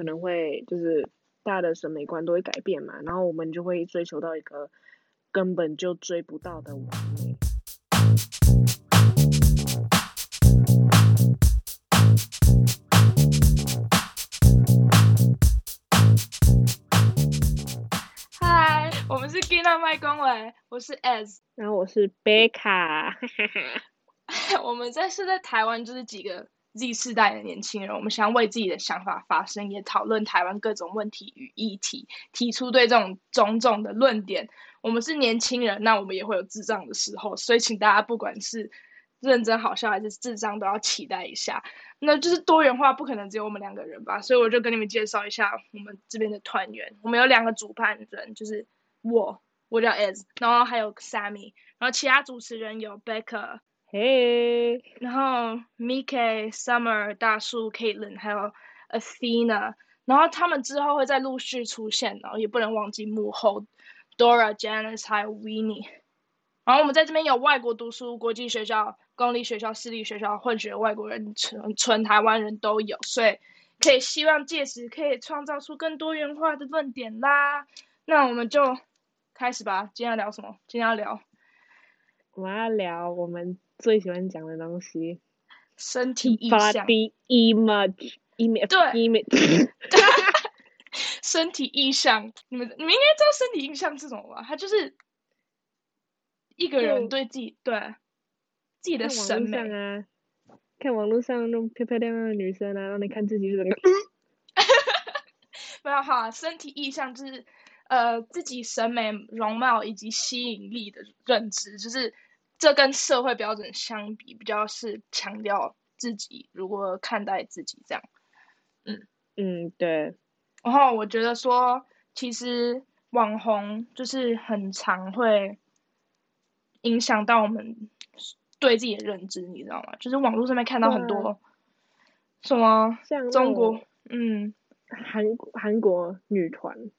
可能會就是大的審美觀都會改變嘛，然後我們就會追求到一個根本就追不到的完美。嗨，我們是 Gina 麥光文，我是 s，然後我是貝卡，我們在是在台灣，就是幾個。Z 世代的年輕人，我們想要為自己的想法發聲，也討論台灣各種問題與議題，提出對這種種種的論點。我們是年輕人，那我們也會有智障的時候，所以請大家不管是認真、好笑還是智障，都要期待一下。那就是多元化，不可能只有我們兩個人吧？所以我就跟你們介紹一下我們這邊的團員。我們有兩個主辦人，就是我，我叫 Ez，然後還有 Sammy，然後其他主持人有 Becca。嘿、hey.，然後 Mikey Summer、大叔、Kaitlyn 還有 Athena，然後他們之後會再陸續出現，然後也不能忘記幕後 Dora、Janice 還有 Winnie。然後我們在這邊有外國讀書、國際學校、公立學校、私立學校，混血外國人、純純台灣人都有，所以可以希望藉此可以創造出更多元化的論點啦。那我們就開始吧，今天要聊什麼？今天要聊，我要聊我們。最喜歡講的東西，身體意象 body image，image，對，image， 身體意象，你們你們應該知道身體印象是什麼吧？它就是一個人對自己、嗯、對自己的審美啊，看網絡上那種漂漂亮亮的女生啊，讓你看自己就整個，哈哈哈哈哈。不要哈，身體意象就是呃自己審美容貌以及吸引力的認知，就是。這跟社會標準相比，比較是強調自己如何看待自己這樣。嗯嗯，對。然後我覺得說，其實網紅就是很常會影響到我們對自己的認知，你知道嗎？就是網絡上面看到很多什麼像中國，嗯，韓國韓國女團。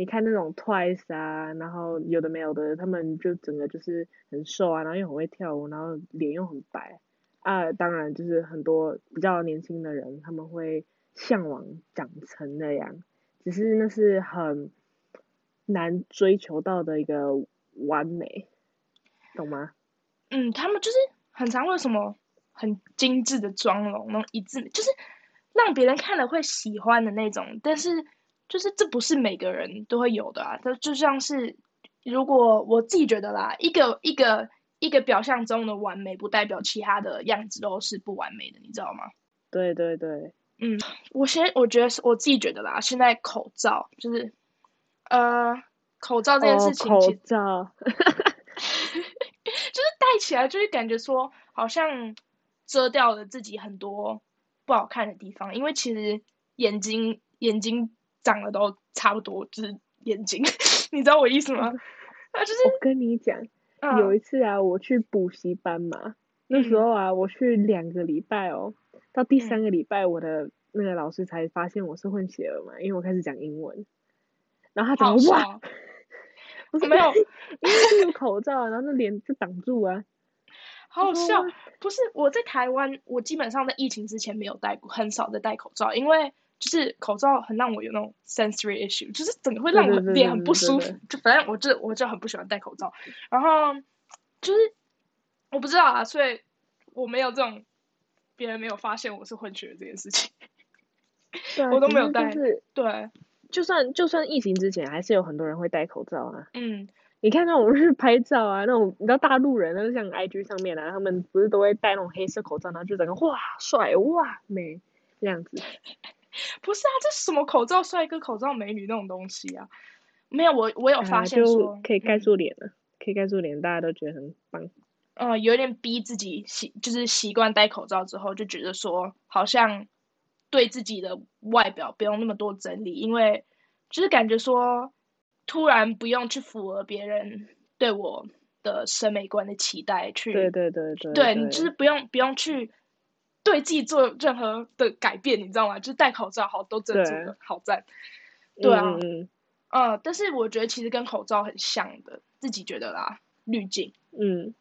你看那種 Twice 啊，然後有的沒有的，他們就整個就是很瘦啊，然後又很會跳舞，然後臉又很白啊，呃，當然就是很多比較年輕的人，他們會嚮往長成那樣，只是那是很難追求到的一個完美，懂嗎？嗯，他們就是很常會有什麼很精緻的妝容，能一致，就是讓別人看了會喜歡的那種，但是。就是這不是每個人都會有的啊，它就像是，如果我自己覺得啦，一個一個一個表象中的完美，不代表其他的樣子都是不完美的，你知道嗎？對對對，嗯，我先我覺得是我自己覺得啦，現在口罩就是，呃，口罩這件事情，oh, 口罩， 就是戴起來就是感覺說好像遮掉了自己很多不好看的地方，因為其實眼睛眼睛。長得都差不多，就是眼睛，你知道我意思嗎？啊、就是我跟你講、嗯，有一次啊，我去補習班嘛、嗯，那時候啊，我去兩個禮拜哦，到第三個禮拜，我的那個老師才發現我是混血兒嘛、嗯，因為我開始講英文，然後他怎麼哇 我說，沒有，因為有口罩、啊，然後那臉就擋住啊，好好笑。不是我在台灣，我基本上在疫情之前沒有戴過，很少的戴口罩，因為。就是口罩很讓我有那種 sensory issue，就是整個會讓我臉很不舒服。就反正我就我就很不喜歡戴口罩，然後就是我不知道啊，所以我沒有這種別人沒有發現我是混血的這件事情，對啊、 我都沒有戴。就是、對，就算就算疫情之前，還是有很多人會戴口罩啊。嗯，你看那種日拍照啊，那種你知道大陸人，那像 IG 上面啊，他們不是都會戴那種黑色口罩，然後就整個哇帥哇美這樣子。不是啊，這是什麼口罩帥哥、口罩美女那種東西啊？沒有，我我有發現說，啊、就可以蓋住臉了、嗯。可以蓋住臉，大家都覺得很棒。嗯、呃，有點逼自己習，就是習慣戴口罩之後，就覺得說好像對自己的外表不用那麼多整理，因為就是感覺說突然不用去符合別人對我的審美觀的期待，去對對對，對對對對，對你就是不用不用去。對自己做任何的改變，你知道嗎？就是戴口罩好多，好都真的，好在。對啊，嗯，uh, 但是我覺得其實跟口罩很像的，自己覺得啦。濾鏡。嗯，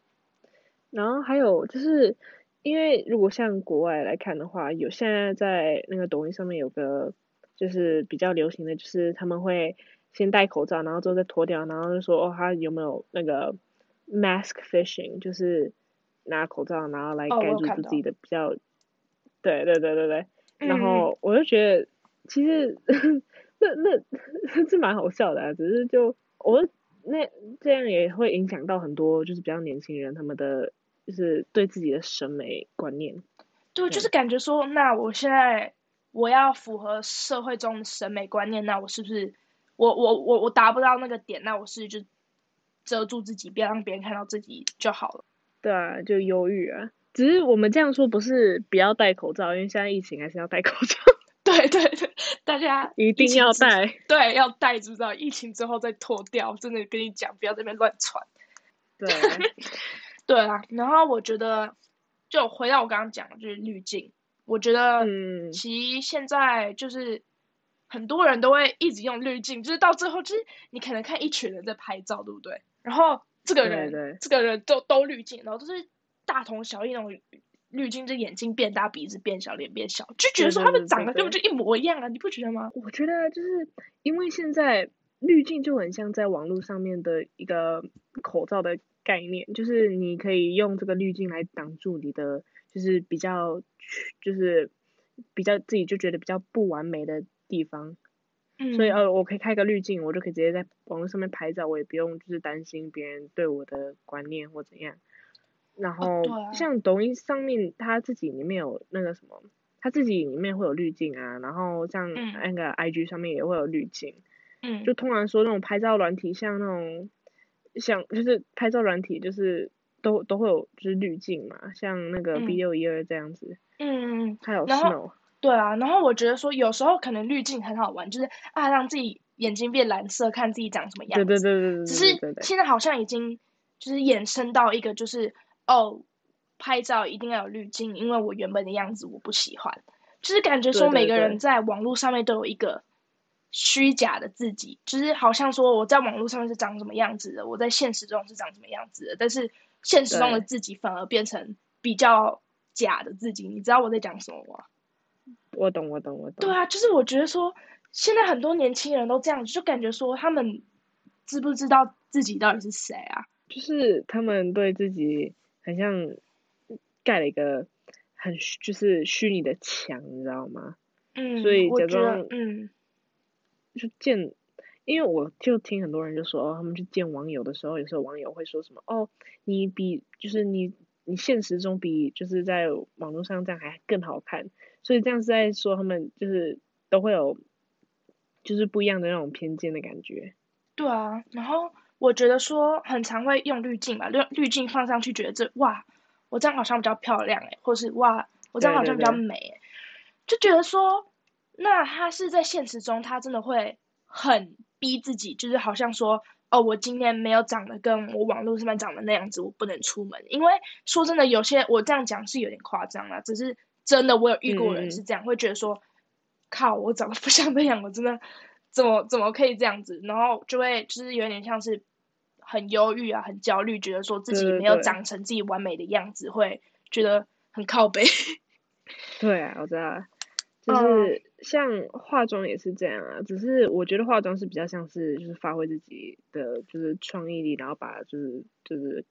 然後還有就是因為如果像國外來看的話，有現在在那個抖音上面有個就是比較流行的就是他們會先戴口罩，然後之後再脫掉，然後就說哦，他有沒有那個 mask fishing，就是拿口罩然後來蓋住、哦、自己的比較。對對對對對、嗯，然後我就覺得其實 那那這 蠻好笑的、啊，只是就我那這樣也會影響到很多，就是比較年輕人他們的就是對自己的審美觀念。對、嗯，就是感覺說，那我現在我要符合社會中的審美觀念，那我是不是我我我我達不到那個點，那我是不是就遮住自己，不要讓別人看到自己就好了。對、啊，就憂鬱啊。只是我們這樣說，不是不要戴口罩，因為現在疫情還是要戴口罩。 對對對，大家一定要戴，對，要戴住。到疫情之後再脫掉，真的跟你講，不要這邊亂傳。 對， 對啦、啊、然後我覺得，就回到我剛剛講的，就是濾鏡。我覺得，其實現在就是很多人都會一直用濾鏡，就是到最後，其實你可能看一群人在拍照，對不對？然後這個人、對對這個人都都濾鏡，然後就是。大同小異那種濾鏡，就眼睛變大，鼻子變小，臉變小，就覺得說他們長得根本就一模一樣啊，你不覺得嗎？我覺得就是因為現在濾鏡就很像在網絡上面的一個口罩的概念，就是你可以用這個濾鏡來擋住你的，就是比較就是比較自己就覺得比較不完美的地方，嗯，所以呃，我可以開個濾鏡，我就可以直接在網絡上面拍照，我也不用就是擔心別人對我的觀念或怎樣。然後像抖音上面他自己裡面有那個什麼，他自己裡面會有濾鏡啊。然後像那個 I G 上面也會有濾鏡。嗯，就通常說那種拍照軟體，像那種，像就是拍照軟體，就是都都會有就是濾鏡嘛，像那個 B 六一二這樣子，嗯。嗯嗯，還有 snow。對啊，然後我覺得說有時候可能濾鏡很好玩，就是啊讓自己眼睛變藍色，看自己長什麼樣。對對對對對。只是現在好像已經就是衍生到一個就是。哦，拍照一定要有濾鏡，因為我原本的樣子我不喜歡，就是感覺說每個人在網絡上面都有一個虛假的自己，就是好像說我在網絡上面是長什麼樣子的，我在現實中是長什麼樣子的，但是現實中的自己反而變成比較假的自己，你知道我在講什麼嗎？我懂，我懂，我懂。對啊，就是我覺得說現在很多年輕人都這樣，就感覺說他們知不知道自己到底是誰啊？就是他們對自己。好像蓋了一個很就是虛擬的牆，你知道嗎？嗯，所以假裝嗯，就見，因為我就聽很多人就說，哦，他們去見網友的時候，有時候網友會說什麼，哦，你比就是你你現實中比就是在網絡上這樣還更好看，所以這樣是在說他們就是都會有就是不一樣的那種偏見的感覺。對啊，然後。我覺得說很常會用濾鏡吧，用濾鏡放上去，覺得這哇，我這樣好像比較漂亮誒、欸、或者是哇，我這樣好像比較美哎、欸，就覺得說，那他是在現實中，他真的會很逼自己，就是好像說，哦，我今天沒有長得跟我網絡上面長得那樣子，我不能出門。因為說真的，有些我這樣講是有點誇張了，只是真的我有遇過人是這樣、嗯，會覺得說，靠，我長得不像那樣，我真的怎麼怎麼可以這樣子，然後就會就是有點像是。很憂鬱啊，很焦慮，覺得說自己沒有長成自己完美的樣子，對對，會覺得很靠北。對啊，我知道，就是像化妝也是這樣啊、嗯。只是我覺得化妝是比較像是就是發揮自己的就是創意力，然後把就是就是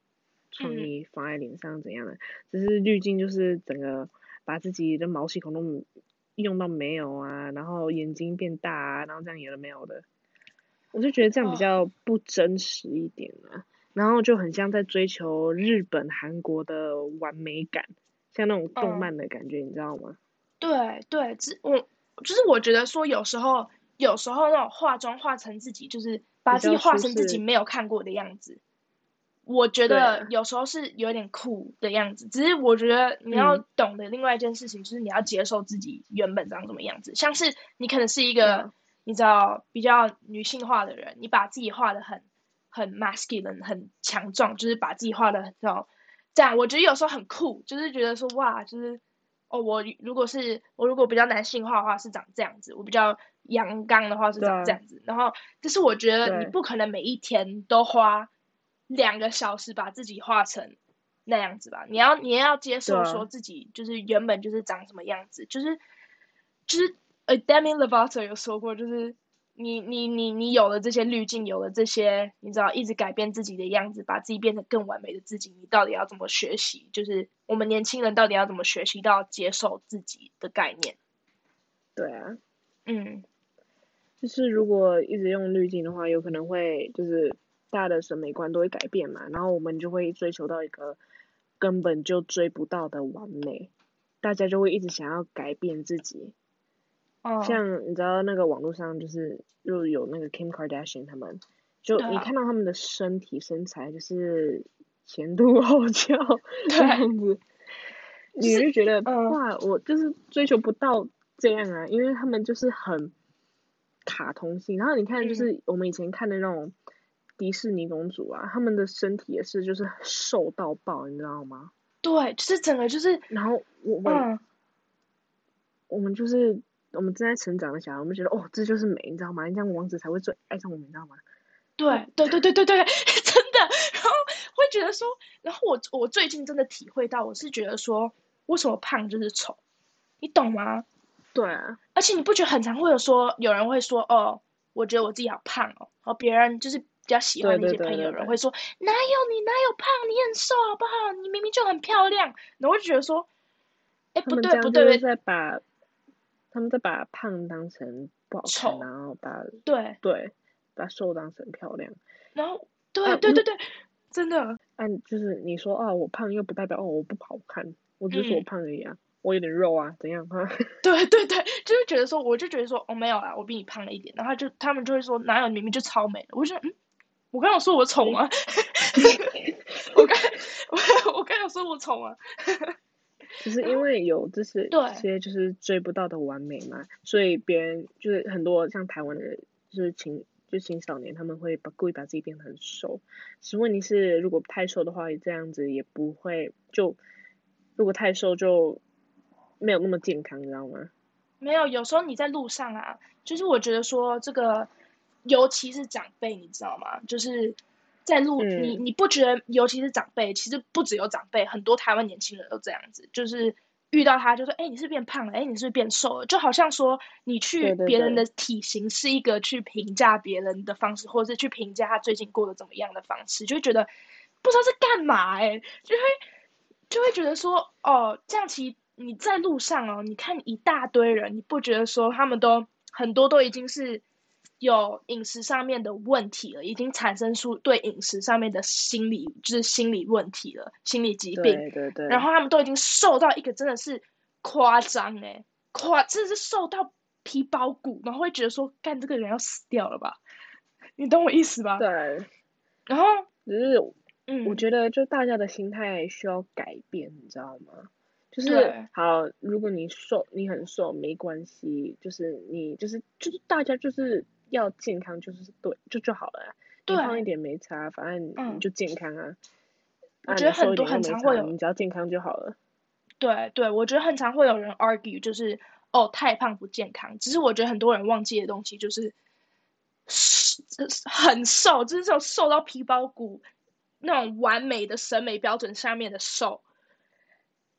創意放在臉上怎樣的、嗯。只是濾鏡就是整個把自己的毛細孔都用到沒有啊，然後眼睛變大啊，然後這樣有的沒有的。我就覺得這樣比較不真實一點啊，Oh. 然後就很像在追求日本、韓國的完美感，像那種動漫的感覺，Oh. 你知道嗎？對對，只我就是我覺得說，有時候有時候那種化妝化成自己，就是把自己化成自己沒有看過的樣子，我覺得有時候是有點酷的樣子。啊、只是我覺得你要懂得另外一件事情，就是你要接受自己原本長什麼樣子，像是你可能是一個。Yeah. 你知道比較女性化的人，你把自己畫得很很 masculine 很強壯，就是把自己畫得很這種這樣。我覺得有時候很酷，就是覺得說，哇，就是哦，我如果是我如果比較男性化的話是長這樣子，我比較陽剛的話是長這樣子。然後就是我覺得你不可能每一天都花兩個小時把自己畫成那樣子吧？你要你要接受說自己就是原本就是長什麼樣子，就是就是。就是呃 Demi Lovato 有說過，就是你、你、你、你有了這些濾鏡，有了這些，你知道，一直改變自己的樣子，把自己變成更完美的自己，你到底要怎麼學習？就是我們年輕人到底要怎麼學習到接受自己的概念？對啊，嗯，就是如果一直用濾鏡的話，有可能會就是大的審美觀都會改變嘛，然後我們就會追求到一個根本就追不到的完美，大家就會一直想要改變自己。像你知道那個網絡上就是又有那個 Kim Kardashian 他們，就你看到他們的身體身材就是前凸後翹這樣子， 你就覺得哇，我就是追求不到這樣啊，因為他們就是很卡通性。然後你看就是我們以前看的那種迪士尼公主啊，他們的身體也是就是瘦到爆，你知道嗎？對，就是整個就是。然後我我們、嗯、我們就是。我們正在成長的小孩，我們覺得哦，這就是美，你知道嗎？這樣王子才會最愛上我們，你知道嗎？對對對對對對，真的。然後會覺得說，然後我我最近真的體會到，我是覺得說，為什麼胖就是醜？你懂嗎？對啊，而且你不覺得很常會有說，有人會說哦，我覺得我自己好胖哦，然後別人就是比較喜歡那些朋友，有人會說哪有你哪有胖，你很瘦好不好？你明明就很漂亮。然後我就覺得說，哎，不對不對。再、就是、把。他們在把胖當成不好看，啊，然後把對對把瘦當成漂亮，然後對、啊、對對對、嗯，真的。啊就是你說啊，我胖又不代表哦，我不好看，我只是說我胖而已啊，我有點肉啊，怎樣哈、啊？對對對，就是覺得說，我就覺得說，哦，沒有啦、啊，我比你胖了一點，然後就他們就會說，哪有明明就超美？我就覺得嗯我剛剛有說我 我剛，我剛有說我醜嗎，我剛我我剛有說我醜嗎。其、就是因為有就是一些就是追不到的完美嘛，嗯、所以別人就是很多像台灣的人就是青就青少年他們會把故意把自己變得很瘦。其實問題是如果太瘦的話，這樣子也不會就，如果太瘦就沒有那麼健康，你知道嗎？沒有，有時候你在路上啊，就是我覺得說這個，尤其是長輩，你知道嗎？就是。在路，嗯、你你不覺得，尤其是長輩，其實不只有長輩，很多台灣年輕人都這樣子，就是遇到他就說，哎、欸，你是不是變胖了，哎、欸，你是不是變瘦了，就好像說你去別人的體型是一個去評價別人的方式，對對對或是去評價他最近過得怎麼樣的方式，就會覺得不知道是幹嘛、欸，哎，就會就會覺得說，哦，這樣其你在路上哦，你看一大堆人，你不覺得說他們都很多都已經是。有飲食上面的問題了，已經產生出對飲食上面的心理，就是心理問題了，心理疾病。對對對。然後他們都已經瘦到一個真的是誇張哎、欸，誇真的是瘦到皮包骨，然後會覺得說，幹這個人要死掉了吧？你懂我意思吧？對。然後只是，嗯，我覺得就大家的心態需要改變，你知道嗎？就是好，如果你瘦，你很瘦，沒關係，就是你就是就是大家就是。要健康就是對，就就好了，啊，胖一點沒差，反正你就健康啊、嗯、啊。我覺得很多、啊、很常會有，你只要健康就好了。對對，我覺得很常會有人 argue 就是，哦，太胖不健康。只是我覺得很多人忘記的東西就是，很瘦，就是這種瘦到皮包骨，那種完美的審美標準下面的瘦，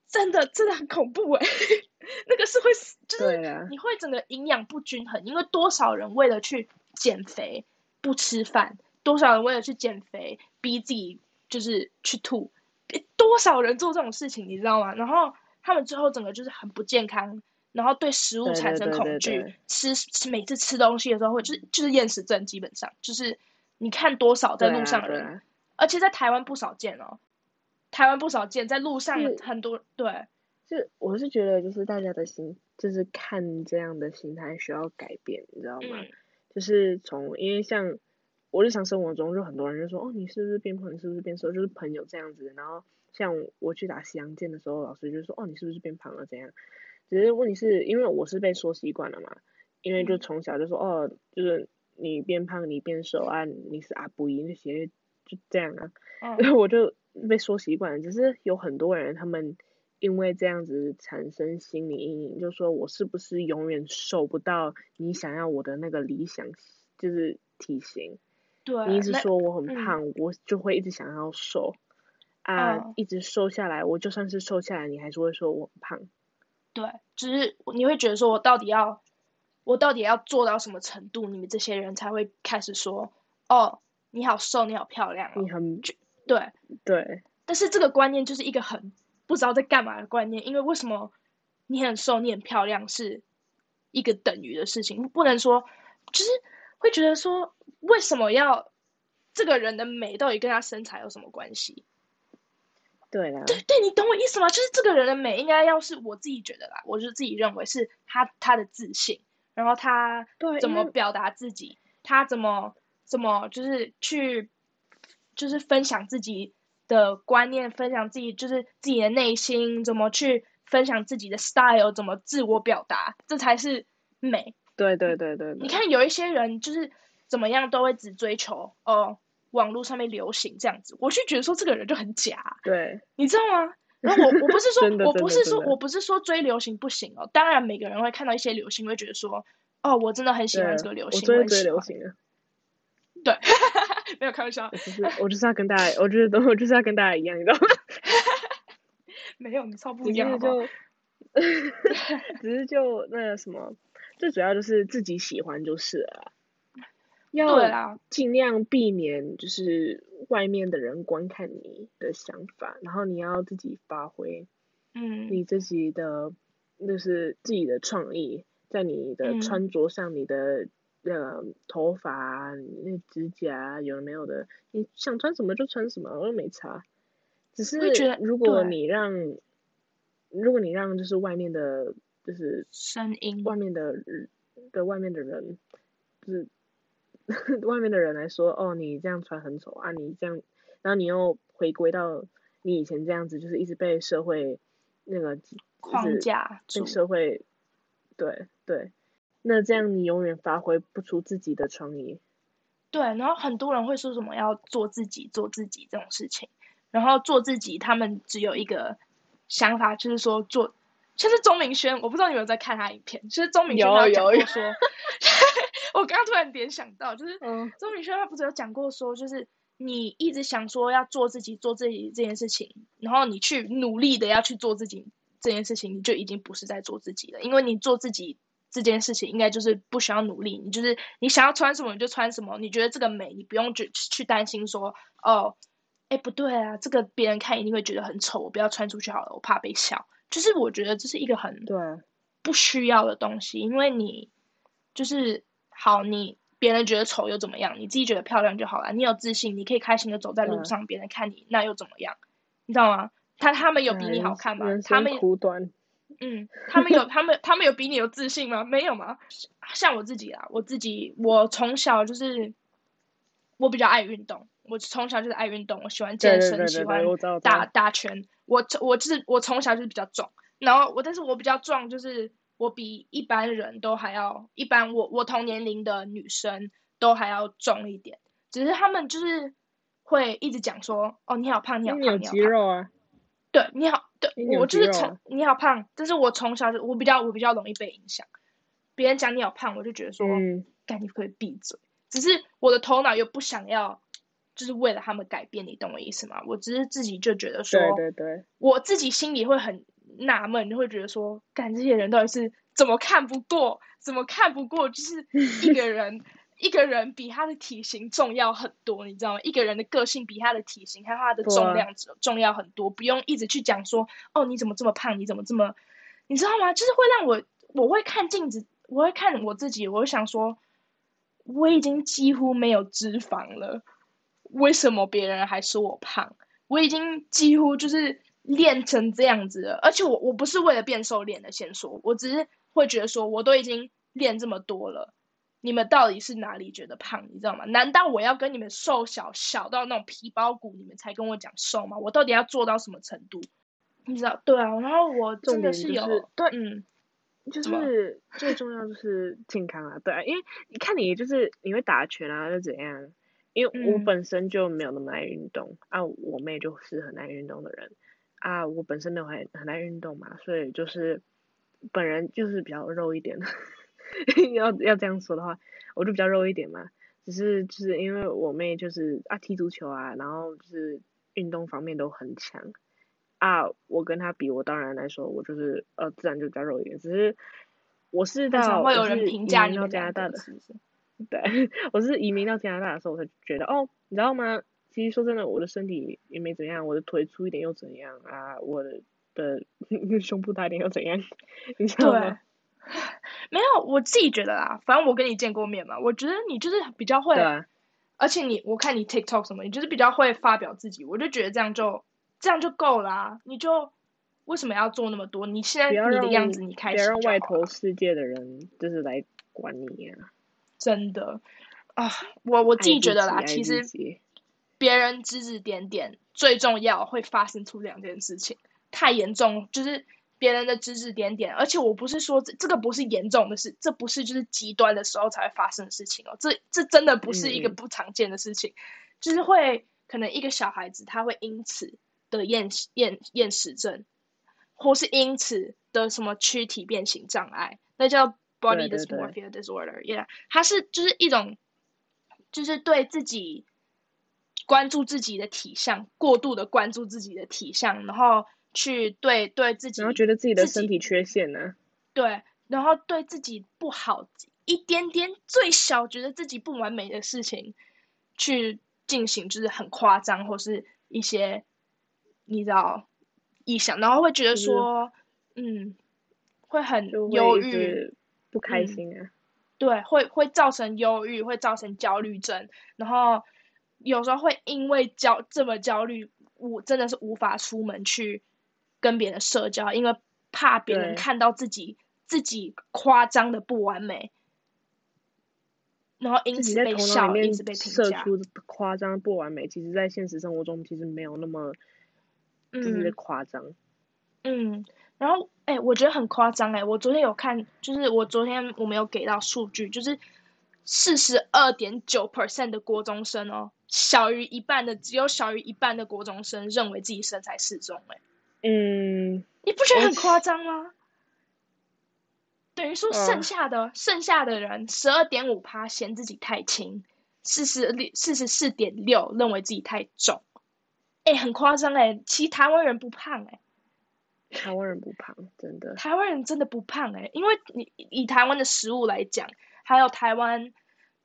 真的真的很恐怖哎、欸。 那個是會死，就是、啊、你會整個營養不均衡，因為多少人為了去減肥不吃飯，多少人為了去減肥逼自己就是去吐，多少人做這種事情，你知道嗎？然後他們最後整個就是很不健康，然後對食物產生恐懼，對對對對對，吃吃，每次吃東西的時候會就是就是厭食症，基本上就是你看多少在路上的人，啊啊，而且在台灣不少見哦，台灣不少見，在路上很多對。就我是覺得，就是大家的心，就是看這樣的心態需要改變，你知道嗎？嗯、就是從因為像我日常生活中就很多人就說，哦，你是不是變胖？你是不是變瘦？就是朋友這樣子。然後像我，我去打西洋劍的時候，老師就說，哦，你是不是變胖了？怎樣？只是問題是因為我是被說習慣了嘛，因為就從小就說、嗯，哦，就是你變胖，你變瘦啊，你是阿肥那些就這樣啊。然、哦、後 我就被說習慣了，只是有很多人他們。因為這樣子產生心理陰影，就是、說我是不是永遠瘦不到你想要我的那個理想，就是體型。對，你一直說我很胖，我就會一直想要瘦、嗯。啊，oh. 一直瘦下來，我就算是瘦下來，你還是會說我胖。對，只、就是你會覺得說我到底要，我到底要做到什麼程度，你們這些人才會開始說，哦，你好瘦，你好漂亮、哦，你很，對，對。但是這個觀念就是一個很。不知道在幹嘛的觀念，因為為什麼你很瘦，你很漂亮是一個等於的事情，不能說就是會覺得說為什麼要這個人的美到底跟他身材有什麼關係？對啊，對對，你懂我意思嗎？就是這個人的美應該要是我自己覺得啦，我就自己認為是他他的自信，然後他怎麼表達自己，他怎麼怎麼就是去就是分享自己。的觀念，分享自己就是自己的內心，怎麼去分享自己的 style，怎麼自我表達，這才是美。對對對對，對。你看有一些人就是怎麼樣都會只追求哦網絡上面流行這樣子，我就覺得說，這個人就很假。對。你知道嗎？然後我我不是說 我不是說我不是說，我不是說追流行不行哦，當然每個人會看到一些流行會覺得說哦，我真的很喜歡這個流行，對，我追流行的對，沒有開玩笑， 只是，我就是要跟大家， 我就是等我就是要跟大家一樣，你知道嗎？ 沒有，你超不一樣只是就， 好不好 只是就那個什麼，最主要就是自己喜歡就是了。要盡量避免就是外面的人觀看你的想法，然後你要自己發揮，嗯，你自己的那、嗯就是自己的創意，在你的穿着上、嗯，你的。那、嗯、個頭髮那指甲有沒有的，你想穿什麼就穿什麼，我又沒差，只是如果你讓，如果你讓就是外面的，就是聲音，外面的的外面的人，就是 外面的人來說，哦，你這樣穿很醜啊，你這樣，然後你又回歸到你以前這樣子，就是一直被社會那個框架、就是、被社會對對。對那這樣你永遠發揮不出自己的創意。對，然後很多人會說什麼要做自己，做自己這種事情。然後做自己，他們只有一個想法，就是說做，像是鍾明軒，我不知道你有沒有在看他影片。其實鍾明軒有講過說，有有有有 我剛剛突然聯想到，就是、嗯、鍾明軒他不是有講過說，就是你一直想說要做自己，做自己這件事情，然後你去努力的要去做自己這件事情，你就已經不是在做自己了，因為你做自己。這件事情應該就是不需要努力，你就是你想要穿什麼你就穿什麼，你覺得這個美，你不用去去擔心說哦，哎不對啊，這個別人看一定會覺得很醜，我不要穿出去好了，我怕被笑。就是我覺得這是一個很不需要的東西，因為你就是好你別人覺得醜又怎麼樣，你自己覺得漂亮就好了，你有自信你可以開心的走在路上，別人看你那又怎麼樣，你知道嗎？他他們有比你好看嗎？他們 嗯，他們有，他們他們有比你有自信嗎？沒有嗎？像我自己啊，我自己，我從小就是，我比較愛運動，我從小就是愛運動，我喜歡健身，對對對對對，喜歡打打拳。我我，我，就是我從小就是比較壯，然後我，但是我比較壯，就是我比一般人都還要一般我，我我同年齡的女生都還要重一點。只是他們就是會一直講說，哦，你好胖，你好胖，你好肌肉啊，對，你好。對、啊，我就是從你好胖，但是我從小就我比較我比較容易被影響，別人講你好胖，我就覺得說，嗯，幹，你不可以閉嘴，只是我的頭腦又不想要，就是為了他們改變，你懂我意思嗎？我只是自己就覺得說，對對對，我自己心裡會很納悶，就會覺得說，幹，這些人到底是怎麼看不過？怎麼看不過？就是一個人。 一個人比他的體型重要很多，你知道嗎？一個人的個性比他的體型和他的重量重要很多。不用一直去講說，哦，你怎麼這麼胖？你怎麼這麼，你知道嗎？就是會讓我，我會看鏡子，我會看我自己，我會想說，我已經幾乎沒有脂肪了，為什麼別人還說我胖？我已經幾乎就是練成這樣子了，而且我我不是為了變瘦練的，先說，我只是會覺得說，我都已經練這麼多了。你們到底是哪裡覺得胖？你知道嗎？難道我要跟你們瘦小小到那種皮包骨，你們才跟我講瘦嗎？我到底要做到什麼程度？你知道？對啊，然後我、就是、真的是有、就是，對，嗯，就是最重要就是健康啊，對啊，因為你看你就是你會打拳啊，又怎樣？因為我本身就沒有那麼愛運動、嗯、啊，我妹就是很愛運動的人啊，我本身沒有很很愛運動嘛，所以就是本人就是比較肉一點的。 要要這樣說的話，我就比較肉一點嘛。只是就是因為我妹就是啊踢足球啊，然後就是運動方面都很強。啊，我跟她比，我當然來說，我就是呃自然就比較肉一點。只是我是到有人評價，移民到加拿大的，是不是？對，我是移民到加拿大的時候，我才覺得哦，你知道嗎？其實說真的，我的身體也沒怎樣，我的腿粗一點又怎樣啊？我的胸部大一點又怎樣？你知道嗎？沒有，我自己覺得啦，反正我跟你見過面嘛，我覺得你就是比較會，啊、而且你我看你 TikTok 什麼，你就是比較會發表自己，我就覺得這樣就這樣就夠了、啊，你就為什麼要做那麼多？你現在你的樣子，你開心讓，別讓外頭世界的人就是來管你啊！真的啊、啊，我我自己覺得啦，其實別人指指點點，最重要會發生出兩件事情，太嚴重就是。別人的指指點點，而且我不是說這這個不是嚴重的事，這不是就是極端的時候才會發生的事情哦。這這真的不是一個不常見的事情，嗯、就是會可能一個小孩子他會因此得厭厭厭食症，或是因此得什麼軀體變形障礙，那叫 body dysmorphia disorder，y、yeah. 它是就是一種就是對自己關注自己的體相過度的關注自己的體相，然後。去對對自己，然後覺得自己的身體缺陷呢、啊？對，然後對自己不好一點點最小覺得自己不完美的事情，去進行就是很誇張或是一些你知道臆想，然後會覺得說嗯，嗯，會很憂鬱，不開心啊。嗯、對，會會造成憂鬱，會造成焦慮症，然後有時候會因為焦這麼焦慮，我真的是無法出門去。跟別人社交，因為怕別人看到自己自己誇張的不完美，然後因此被笑，因此被評價，射出誇張不完美。其實，在現實生活中，其實沒有那麼，就是、誇張嗯，誇張。嗯，然後哎、欸，我覺得很誇張哎！我昨天有看，就是我昨天我沒有給到數據，就是四十二點九 percent 的國中生哦、喔，小於一半的，只有小於一半的國中生認為自己身材適中哎。嗯，你不覺得很誇張嗎？嗯、等於說剩下的，啊、剩下的人，十二點五趴嫌自己太輕，四十六四十四點六認為自己太重。哎，欸，很誇張哎，其實台灣人不胖哎，欸，台灣人不胖，真的。台灣人真的不胖哎，欸，因為你以台灣的食物來講，還有台灣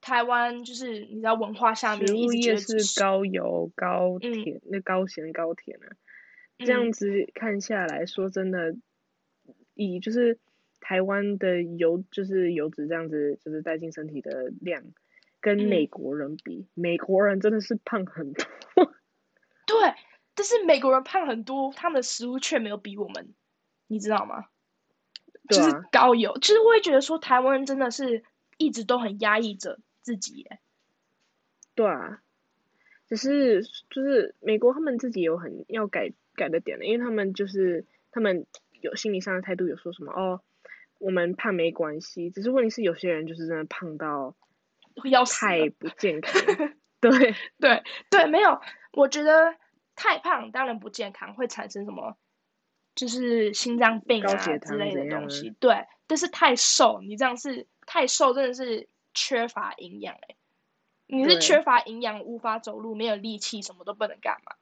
台灣就是你知道文化下面食，食物業是高油高甜，那，嗯、高鹹高甜，啊這樣子看下來說真的，嗯、以就是台灣的油，就是油脂這樣子，就是帶進身體的量，跟美國人比，嗯、美國人真的是胖很多。 對，但是美國人胖很多，他們的食物卻沒有比我們，你知道嗎？啊、就是高油，其實我也覺得說台灣人真的是一直都很壓抑着自己耶。對啊，只是就是美國他們自己有很要改。改的點了，因為他們就是他們有心理上的態度，有說什麼哦，我們胖沒關係，只是問題是有些人就是真的胖到要死，太不健康。 對 對對，沒有，我覺得太胖當然不健康，會產生什麼就是心臟病啊之類的東西。對，但是太瘦，你這樣是太瘦，真的是缺乏營養哎，你是缺乏營養，無法走路，沒有力氣，什麼都不能幹嘛。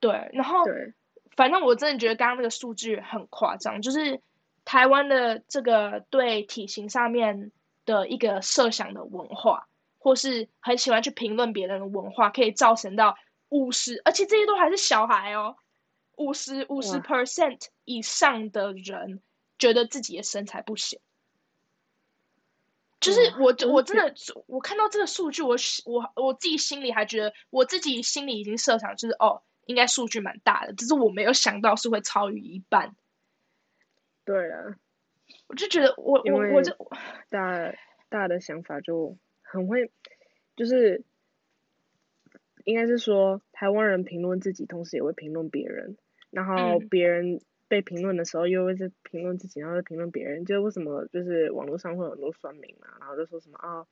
對，然後，對反正我真的覺得剛剛那個數據很誇張，就是台灣的這個對體型上面的一個設想的文化，或是很喜歡去評論別人的文化，可以造成到五十，而且這些都還是小孩哦，五十五十 percent 以上的人覺得自己的身材不行，就是我我真的，嗯、我看到這個數據，我我我自己心裡還覺得我自己心裡已經設想就是哦。應該數據蠻大的，只是我沒有想到是會超於一半。對啊，我就覺得我我我這大大的想法就很會，就是應該是說台灣人評論自己，同時也會評論別人，然後別人被評論的時候，又會是評論自己，然後評論別人。就為什麼就是網絡上會有很多酸民嘛，然後就說什麼啊、哦，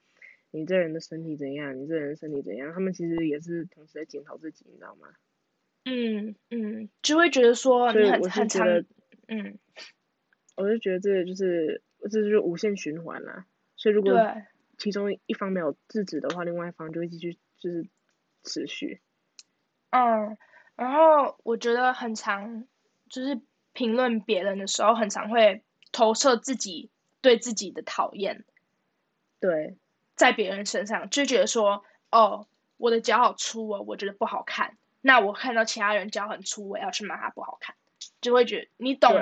你這人的身體怎樣，你這人的身體怎樣？他們其實也是同時在檢討自己，你知道嗎？嗯嗯，就會覺得說，你很常，就嗯，我就覺得這就是這是就是無限循環啦、啊。所以如果其中一，對，一方沒有制止的話，另外一方就會繼續就是持續。嗯，然後我覺得很常就是評論別人的時候，很常會投射自己對自己的討厭，對，在別人身上就覺得說，哦，我的腳好粗哦，我覺得不好看。那我看到其他人腳很粗，我要去罵他不好看，就會覺得你懂嗎？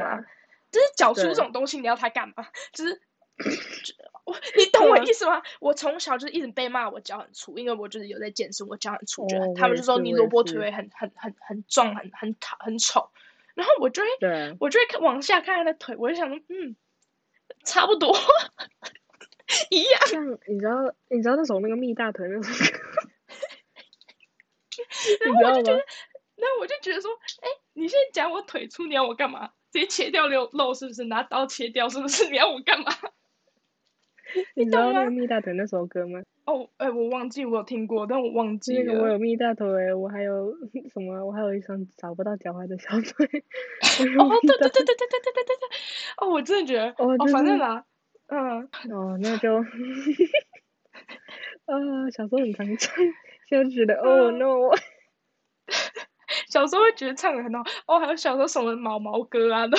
就、啊、是腳粗這種東西，你要他幹嘛？就是我， 你懂我意思嗎、啊？我從小就是一直被罵我腳很粗，因為我就是有在健身，我腳很粗，哦、他們就說你蘿蔔腿很很很很壯，很很很醜。然後我就會對，我就會往下看他的腿，我就想嗯，差不多 一樣。像你知道，你知道那種那個蜜大腿那種。 然後我就覺得，然後我就覺得說，哎、欸，你現在講我腿粗，你要我幹嘛？直接切掉了肉是不是？拿刀切掉是不是？你要我幹嘛你你懂、啊？你知道那個蜜大腿那首歌嗎？哦，哎，我忘記我有聽過，但我忘記那個我有蜜大腿、欸，哎，我還有什麼？我還有一雙找不到腳踝的小腿。哦，對對對對對對對對對，哦，我真的覺得，哦、oh, oh,，反正吧，嗯，哦，那就，啊、 uh,，小時候很常見，現在覺得，Oh no。小時候會覺得唱得很好哦，還有小時候什麼毛毛歌啊的，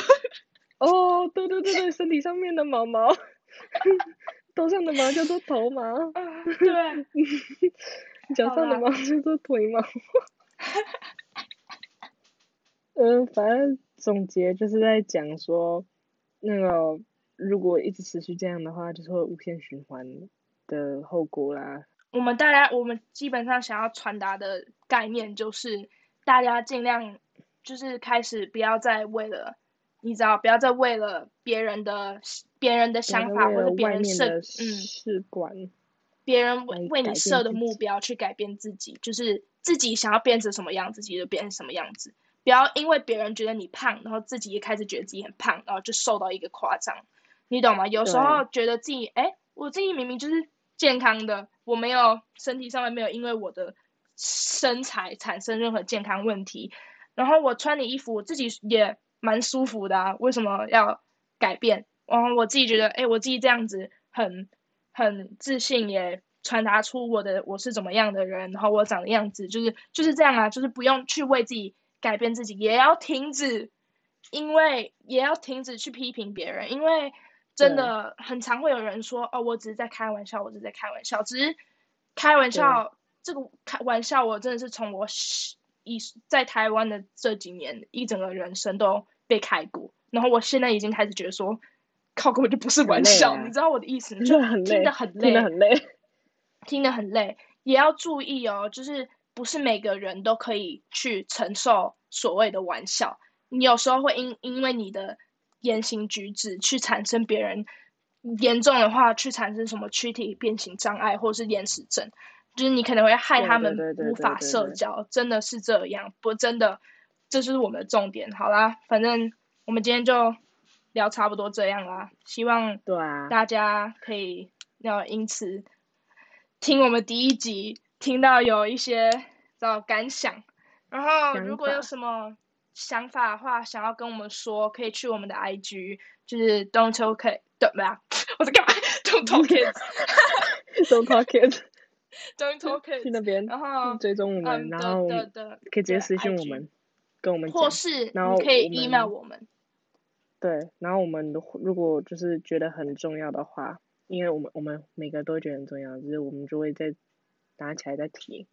哦、oh,，對對對對，身體上面的毛毛， 頭上的毛叫做頭毛， 對、啊，腳上的毛叫做腿毛。嗯、 呃，反正總結就是在講說，那個如果一直持續這樣的話，就是會無限循環的後果啦。我們大家，我們基本上想要傳達的概念就是。大家儘量就是開始不要再為了，你知道，不要再為了別人的、別人的想法的或者別人設嗯事關，別人為為你設的目標去改變，改變自己，就是自己想要變成什麼樣子，自己就變成什麼樣子。不要因為別人覺得你胖，然後自己也開始覺得自己很胖，然後就受到一個誇張，你懂嗎？有時候覺得自己哎、欸，我自己明明就是健康的，我沒有身體上面沒有因為我的。身材產生任何健康問題，然後我穿的衣服我自己也蠻舒服的啊,為什麼要改變？然後我自己覺得，誒、欸,我自己這樣子很很自信，也傳達出我的我是怎麼樣的人，然後我長的樣子就是就是這樣啊,就是不用去為自己改變自己，也要停止，因為也要停止去批評別人，因為真的很常會有人說，哦，我只是在開玩笑，我只是在開玩笑，只是開玩笑。這個開玩笑，我真的是從我一在台灣的這幾年，一整個人生都被開過。然後我現在已經開始覺得說，靠，根本就不是玩笑啊。你知道我的意思？真的很累，真的很累，真的很很累，聽得很累。也要注意哦，就是不是每個人都可以去承受所謂的玩笑。你有時候會因因為你的言行舉止去產生別人嚴重的話，去產生什麼軀體變形障礙或是厭食症。就是你可能會害他們無法社交，對對對對對對對對，真的是這樣。不真的，這是我們的重點。好啦，反正我們今天就聊差不多這樣啦。希望對啊，大家可以、啊、要因此聽我們第一集，聽到有一些的感想。然後如果有什麼想法的話，想要跟我們說，可以去我們的 IG，就是 Don't Talk Kids 對 我在幹嘛？Don't Talk Kids Don't Talk Kids 去那邊，追蹤我們，然後，um, 然後可以直接私信我們，um, 跟我們講，yeah, 們或是然後可以 email 我們。對，然後我們的如果就是覺得很重要的話，因為我們我們每個都覺得很重要，就是我們就會再拿起來再提。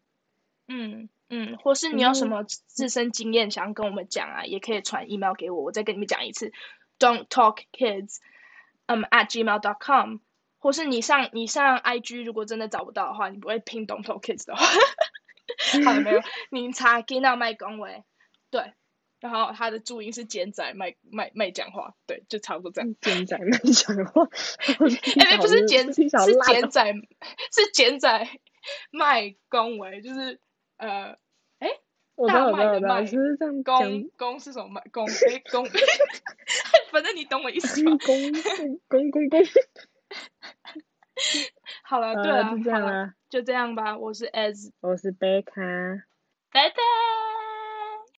嗯嗯，或是你有什麼自身經驗想要跟我們講啊、嗯，也可以傳 email 給我，我再跟你們講一次 ，don't talk kids，um at gmail dot com。或是你上你上 IG，如果真的找不到的話，你不會拼 Don't talk kids 的話。 好的，沒有， 你查囝仔麥供喂，對，然後他的注音是囝仔麥麥麥講話，對，就差不多這樣。囝仔麥講話，哎、欸欸欸，不是囝，是囝仔，是囝仔麥供喂，就是呃，哎、欸，我我我我，老師這樣講，公公是什麼？公公公， 反正你懂我意思吧 公。公公公公公。公公 好了，好了，對啊，就這樣了，好了，就這樣吧。我是 Ez 我是貝卡，拜拜。